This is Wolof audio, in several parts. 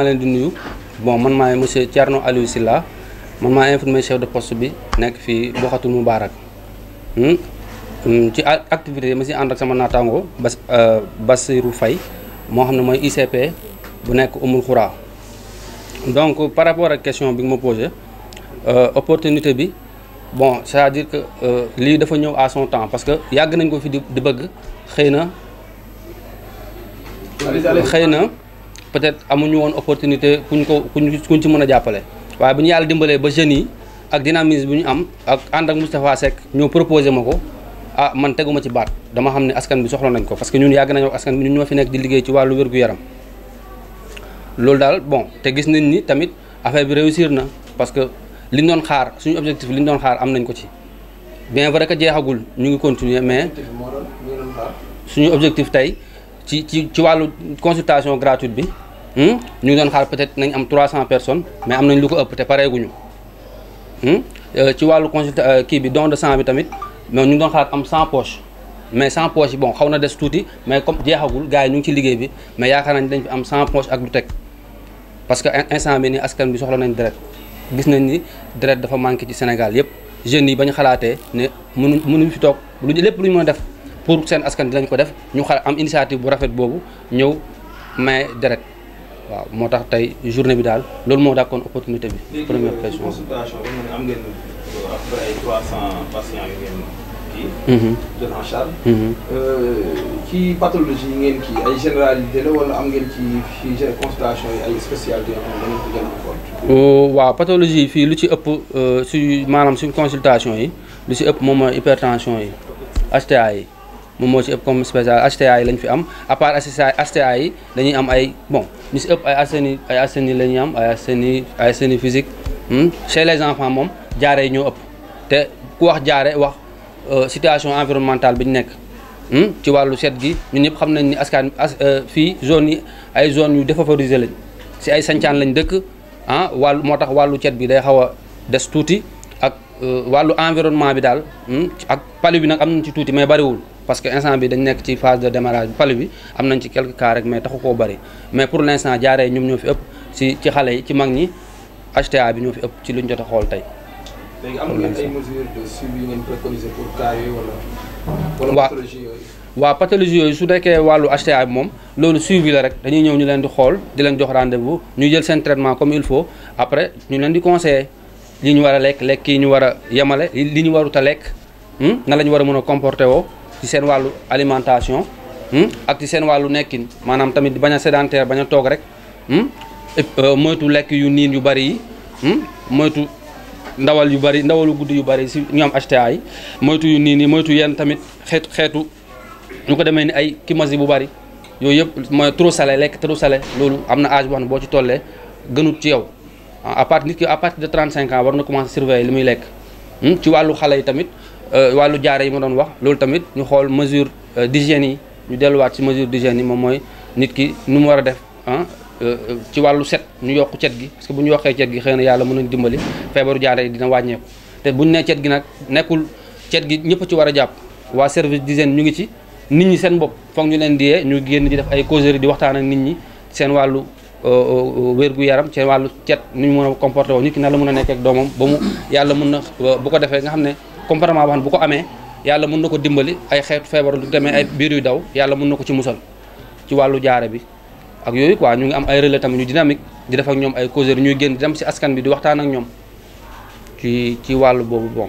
maa leen di nuyu bon man maay monsieur Thierno Aliou Sylla man maa informé chef de poste bi nekk fii Boxatul Moubarak hmm? Hmm, ci activité yi ma si ànd ak sama naataango Bas euh, Basirou Faye moo xam ne mooy ICP bu nekk Oumoul Khoura donc par rapport ak question bi nga ma posé euh, opportunité bi bon c'est-à-dire que euh, lii dafa ñëw à son temps parce que yàgg nañ ko fii di di bëgg xëy na xëy na peut-être amuñu woon opportunité kuñ ko kuñ kuñ ci mën a jàppale waaye bu ñu yàlla dimbalee ba jeunes yi ak dynamisme bu ñu am ak ànd ak Moustapha Seck ñoo proposé ma ko ah man teguma ci baat dama xam ne askan bi soxla nañ ko parce que ñun yàgg nañoo askan bi ñun ñoo fi nekk di liggéey ci wàllu wér-gu-yaram loolu daal bon te gis nañ ni tamit affaire bi réussir na parce que liñ doon xaar suñu objectif li ñu doon xaar am nañ ko ci bien vrai que jeexagul ñu ngi continuer mais suñu objectif tey ci ci ci wàllu consultation gratuite bi hmm? ñu ngi doon xaar peut-être nañ am 300 personnes mais am nañ lu ko ëpp te pareeguñu hmm? euh, ci wàllu consulta euh, kii bi don de sang bi tamit mais ñu ngi doon xaar am 100 poches mais 100 poches bon xaw na des tuuti mais comme jeexagul gars yi ñu ngi ci liggéey bi mais yaakaar nañ dañ fi am 100 poches ak lu teg parce que instant bi ni askan bi soxla nañ deret gis nañ ni deret dafa manqué ci Sénégal yëpp jeunes yi bañ xalaatee ne mënu mënuñ fi toog lu lépp lu ñu mën def pour seen askan dinañ ko def ñu xala am initiative bu rafet boobu ñëw may deret waaw moo tax tey journée bi daal loolu moo dàkkoon opportunité bi. première euh, question consultation am ngeen euh, après ay 300 patients yu ngeen kii. jël en charge. ci pathologie yi ngeen la wala am ngeen ci ci consultation yi ay spécialité yoo euh, waaw pathologie yi fii lu ci ëpp su maanaam suñ consultation yi lu ci ëpp moom mooy hypertension yi HTA yi. moom moo ci ëpp comme spécial HTA yi lañ fi am à part HTA yi dañuy am ay bon ñu si ëpp ay assaini ay assaini la ñuy am ay assaini ay assaini physique hmm, chez les enfants moom jaare ñoo ëpp te ku wax jaare wax euh, situation environnementale bi ñu nekk hmm, ci wàllu set gi ñun ñëpp xam nañ ni askan euh, fii zone yi ay zone yu défavorisées lañ si ay sancaan lañ dëkk ah wàllu moo tax wàllu cet bi day xaw a des tuuti Euh, wàllu environnement bi daal hmm, ak palu bi nag am nañ ci tuuti mais bariwul parce que instant bi dañ nekk ci phase de démarrage bi palu bi am nañ ci quelques cas rek mais taxu koo bari mais pour l'instant jaaree ñoom ñoo fi ëpp ci xale yi ci mag ñi HTA bi ñoo fi ëpp ci lu luñ jot a xool tey. léegi am pathologie yooyu. su nekkee wàllu HTA bi moom loolu suivi la rek dañuy ñëw ñu leen di xool di leen jox rendez-vous ñu jël seen traitement comme il faut après ñu leen di conseiller. li ñu war a lekk lekk yi ñu war a yemale li ñu warut a lekk hmm? na la war a mën a comporté woo ci seen wàllu alimentation hmm? ak ci seen wàllu nekkin maanaam tamit bañ a sédentaire bañ a toog rek hmm? euh, moytu lekk yu niin yu bari yi moytu ndawal yu bari ndawalu guddi yu bari si ñoom am HTA yi moytu yu niin yi moytu yenn tamit xeet xeetu ñu ko demee ni ay kimasi bu bari yooyu yëpp mooy trop salé lekk trop loolu am na âge boo boo ci tollee gënut ci yow à part nit ki à partir de 35 ans war na commencer surveiller li muy lekk hmm? ci wàllu xale yi tamit euh, wàllu jaare yi ma doon wax loolu tamit ñu xool mesure euh, d'hygiène yi ñu delluwaat ci mesure d'hygiène yi moom mooy nit ki nu mu war a def ah ci wàllu set ñu yokk cet gi parce que bu ñu yokkee cet gi xëy na yàlla mën nañu dimbali feebaru jaare yi dina wàññeeku te bu ñu nee cet gi nag nekkul cet gi ñëpp ci war a jàpp waa service d'hygiène ñu ngi ci nit ñi seen bopp foog ñu leen di ñu génn di ay causerie di waxtaan nit ñi seen wàllu Euh, euh, wér-gu-yaram ci wàllu cet ni ñu mën a comporté woo nit ki na la mën a nekk ak doomam ba mu yàlla mën na euh, bu ko defee nga xam ne comportement boo xam ne bu ko amee yàlla mën na ko dimbali ay xeet feebar du demee ay biir yu daw yàlla mun na ko ci musal ci wàllu jaare bi ak yooyu quoi ñu ngi am ay relais tamit ñu dynamique di def ak ñoom ay causeurs ñuy génn dem si askan bi di waxtaan ak ñoom ci ci wàllu boobu bon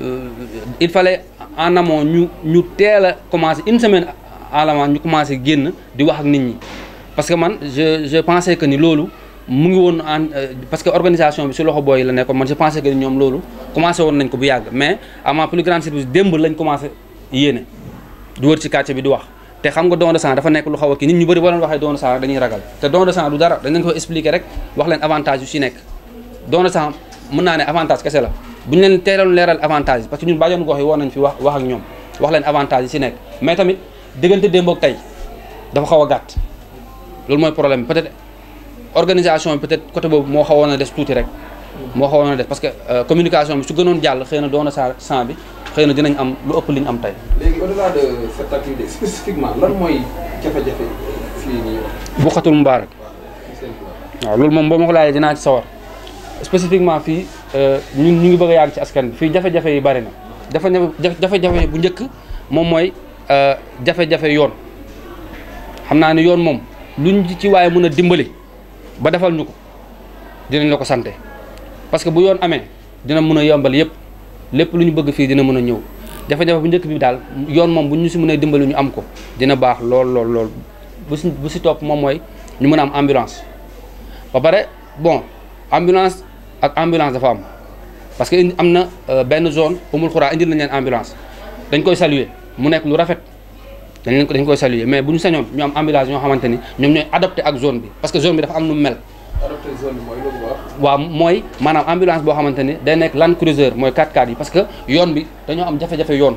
Euh, il fallait en amont ñu ñu teel a commencé une semaine à l'avance ñu commencé génn di wax ak nit ñi parce que man je je pensais que ni loolu mu ngi woon en euh, parce que organisation bi si loxo booy la nekkoon man je pensais que ni ñoom loolu commencé woon nañ ko bu yàgg mais à ma plus grande surprise démb lañ commencé yéene du wër ci quartier bi di wax. te xam nga don de sang dafa nekk lu xaw ki kii nit ñu bëri boo leen waxee don de sang rek dañuy ragal te don de du dara dañ leen ko rek wax leen avantage yu si nekk don de sang naa ne avantage kese la. buñ leen teeloon leral avantage parce que ñun bañu gox yi war nañ fi wax wax ak ñom wax leen avantage ci nek mais tamit diggante dembo ak tey dafa xawa gàtt lool moy problème peut-être organisation peut-être côté bobu mo xawona dess touti rek mo xawona dess parce que communication bi su gënon jàll xeyna doona sa a sang bi xeyna dinañ am lu ëpp liñ am tay legui au au-delà de cette activité spécifiquement lan moy jafe-jafe fi ni bu xatul mubaarak waaw loolu moom boo ma ko laajee dinaa ci sawar spécifiquement fi Euh, ñun ñu ngi bëgg a yàgg ci askan bi fii jafe-jafe yi dafa na dafa jafe-jafe bu njëkk moom mooy euh, jafe-jafe yoon xam naa ne yoon moom luñ ci waaye mën a dimbali ba defal ñu ko dinañ la ko sante parce que bu yoon amee dina mën a yombal yëpp lépp lu ñu bëgg fii dina mën a ñëw jafe-jafe bu njëkk bi daal yoon moom bu ñu si mënee dimbali ñu am ko dina baax lool lool lool bu si bu si topp moom mooy ñu mën a am ambulance ba pare bon ambulance ak ambulance dafa am parce que am na euh, benn zone umul xuraa indil nañ leen ambulance dañ koy saluer mu nekk lu rafet dañ leen ko dañ koy saluer mais bu ñu sañoon ñu am ambulance ñoo xamante ni ñoom ñooy adopté ak zone bi parce que zone bi dafa am mel. adopté zone bi mooy mooy maanaam ambulance boo xamante ni day nekk Land mooy 4 x yi parce que yoon bi dañoo am jafe yoon.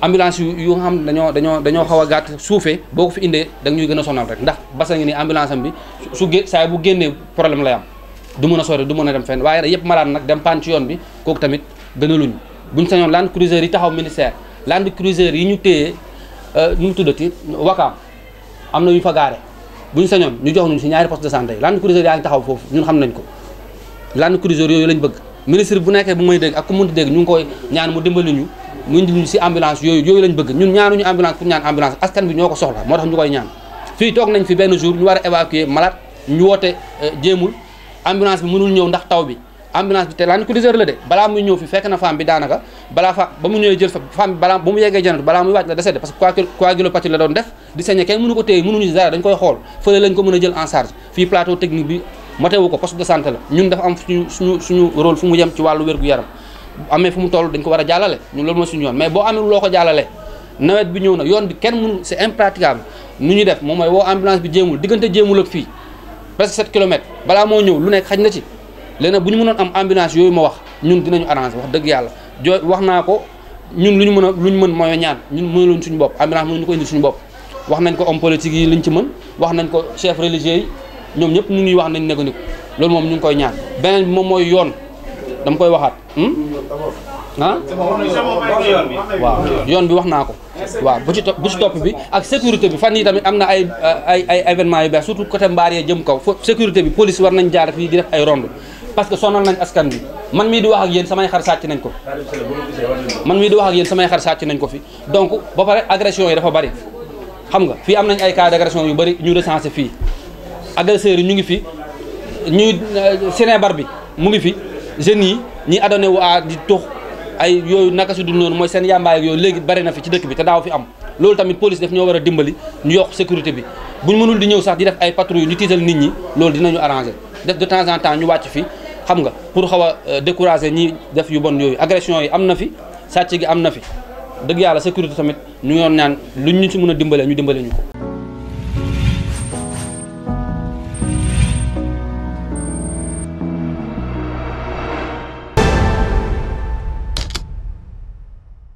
ambulance yu yu nga xam dañoo dañoo dañoo xaw a gàtt suufee boo ko fi indee da ñuy gën a sonal rek ndax basa ngi ni ambulance am bi su gé saa bu génnee problème lay am. du mën a sori du mën a dem fenn waaye nag yëpp maraan nag dem paan ci yoon bi kooku tamit gën a buñ sañoon land cruiser yi taxaw ministère land cruiser yi ñu téye ñu euh, mu tuddati wakaam am na ñu fa gaare buñ sañoon ñu jox ñu si ñaari poste de santé yi land cruiser foofu ñun xam nañ ko land cruiser yooyu lañ bëgg ministre bu nekkee bu may dégg ak ku mënti dégg ñu ngi koy ñaan mu dimbali ñu mu indi ñu si ambulance yooyu yooyu lañ bëgg ñun ñaanuñu ambulance pour ñaan ambulance askan bi ñoo ko soxla moo tax ñu koy ñaan fii toog nañ fi ñu war a ñu woote euh, jéemul ambulance bi mënul ñëw ndax taw bi ambulance bi te laan ko 10 la de balaa muy ñëw fi fekk na femme bi daanaka balaa fa ba mu ñëwee jël fa femme bi balaa ba mu yeggee janatu balaa muy wàcc la décédé parce que coagulopathie la doon def di saigné kenn mënu ko téye mënuñu dara dañ a jël en charge fii plateau technique bi matewu ko dafa am suñu suñu suñu rôle fu mu yem ci wàllu wér-gu-yaram amee fu mu toll dañ ko war a jàllale ñun loolu mooy suñu yoon mais boo amee loo ko jàllale nawet bi ñëw na yoon bi kenn mënu c'est impraticable nu ñuy def moom mooy woo ambulance bi jéemul diggante jéemul presque 7 kilomètres balaa moo ñëw lu nekk xaj na ci léegi bu ñu mënoon am ambulance yooyu ma wax ñun dinañu arrangé wax dëgg yàlla jo wax naa ko ñun lu ñu mën a lu ñu mën mooy ñaan ñun mënaluñ suñu bopp ambulance mënuñu ko indi suñu bopp wax nañ ko homme politique yi liñ ci mën wax nañ ko chef religieux yi ñoom ñëpp ñu ngi wax nañ négandiku loolu moom ñu ngi koy ñaan beneen bi moom mooy yoon dama koy waxaat hmm? ah waaw yoon bi wax naa ko waa bu ci bu ci topp bi ak sécurité bi fan nii tamit am na ay ay ay événement yu bees surtout côté mbaar yee jëm kaw fo sécurité bi police war nañ jaar fii di def ay ronde parce que sonal nañ askan bi man mii di wax ak yéen samay xar sàcc nañ ko man mii di wax ak yéen samay xar sàcc nañ ko fi donc ba pare agression yi dafa bëri xam nga fii am nañ ay cas d' yu bëri ñu recensé fii agresseurs yi ñu ngi fi ñuy ciné euh, bar bi mu ngi fi jeunes yi ñi adonné wu a di tux ay yooyu naka si du noonu mooy seen yàmbaay ak yooyu léegi bari na fi ci dëkk bi te daaw fi am loolu tamit police daf ñoo war a dimbali ñu yokk sécurité bi buñ munul di ñëw sax di def ay patrouille ñu tiital nit ñi loolu dinañu arranger def de temps en temps ñu wàcc fi xam nga pour xaw a euh, décourager ñi def yu bon yooyu agression yi am na fi sàcc gi am na fi dëgg yàlla sécurité tamit ñu yoon naan lu ñu si mun a dimbalee ñu dimbale ñu ko